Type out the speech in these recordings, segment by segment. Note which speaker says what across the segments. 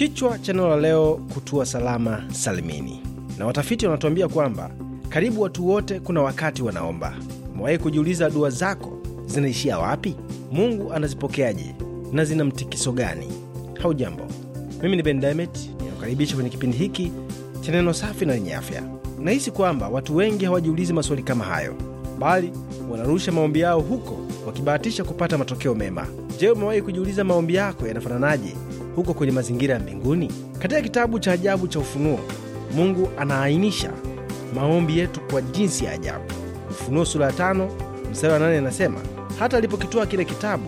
Speaker 1: Kichwa cha neno la leo, kutua salama salimini. Na watafiti wanatuambia kwamba karibu watu wote kuna wakati wanaomba. Umewahi kujiuliza dua zako zinaishia wapi? Mungu anazipokeaje na zina mtikiso gani? Haujambo, mimi ni Ben Diamond, ninakukaribisha kwenye kipindi hiki cha neno safi na lenye afya. Nahisi kwamba watu wengi hawajiulizi maswali kama hayo, bali wanarusha maombi yao huko wakibahatisha kupata matokeo mema. Je, umewahi kujiuliza maombi yako yanafananaje huko kwenye mazingira ya mbinguni? Katika kitabu cha ajabu cha Ufunuo, Mungu anaainisha maombi yetu kwa jinsi ya ajabu. Ufunuo sura ya tano mstari wa nane anasema, hata alipokitoa kile kitabu,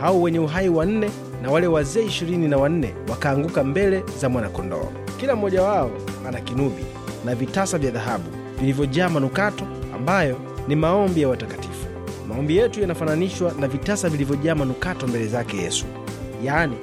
Speaker 1: hao wenye uhai wanne na wale wazee ishirini na wanne wakaanguka mbele za mwanakondoo. Kila mmoja wao ana kinubi na vitasa vya dhahabu vilivyojaa manukato, ambayo ni maombi ya watakatifu. Maombi yetu yanafananishwa na vitasa vilivyojaa manukato mbele zake Yesu, yaani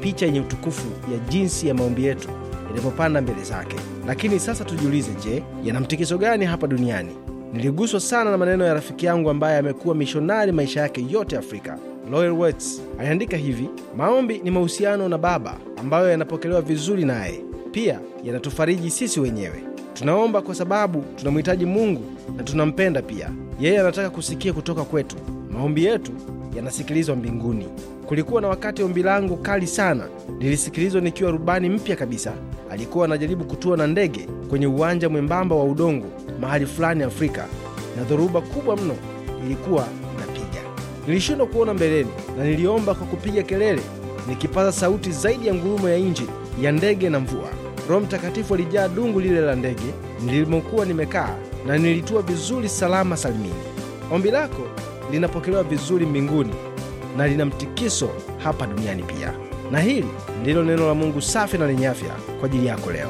Speaker 1: picha yenye utukufu ya jinsi ya maombi yetu yalivyopanda mbele zake. Lakini sasa tujiulize, je, yana mtikiso gani hapa duniani? Niliguswa sana na maneno ya rafiki yangu ambaye amekuwa mishonari maisha yake yote Afrika. Lowell Wirtz aliandika hivi: maombi ni mahusiano na Baba ambayo yanapokelewa vizuri naye, pia yanatufariji sisi wenyewe. Tunaomba kwa sababu tunamhitaji Mungu na tunampenda pia. Yeye anataka kusikia kutoka kwetu maombi yetu yanasikilizwa mbinguni. Kulikuwa na wakati ombi langu kali sana lilisikilizwa nikiwa rubani mpya kabisa. Alikuwa anajaribu kutua na ndege kwenye uwanja mwembamba wa udongo mahali fulani Afrika, na dhoruba kubwa mno ilikuwa inapiga. Nilishindwa kuona mbeleni na niliomba kwa kupiga kelele, nikipaza sauti zaidi ya ngurumo ya inji ya ndege na mvua. Roho Mtakatifu alijaa dungu lile la ndege nilimokuwa nimekaa, na nilitua vizuri salama salimini. Ombi lako linapokelewa vizuri mbinguni na lina mtikiso hapa duniani pia. Na hili ndilo neno la Mungu safi na lenye afya kwa ajili yako leo.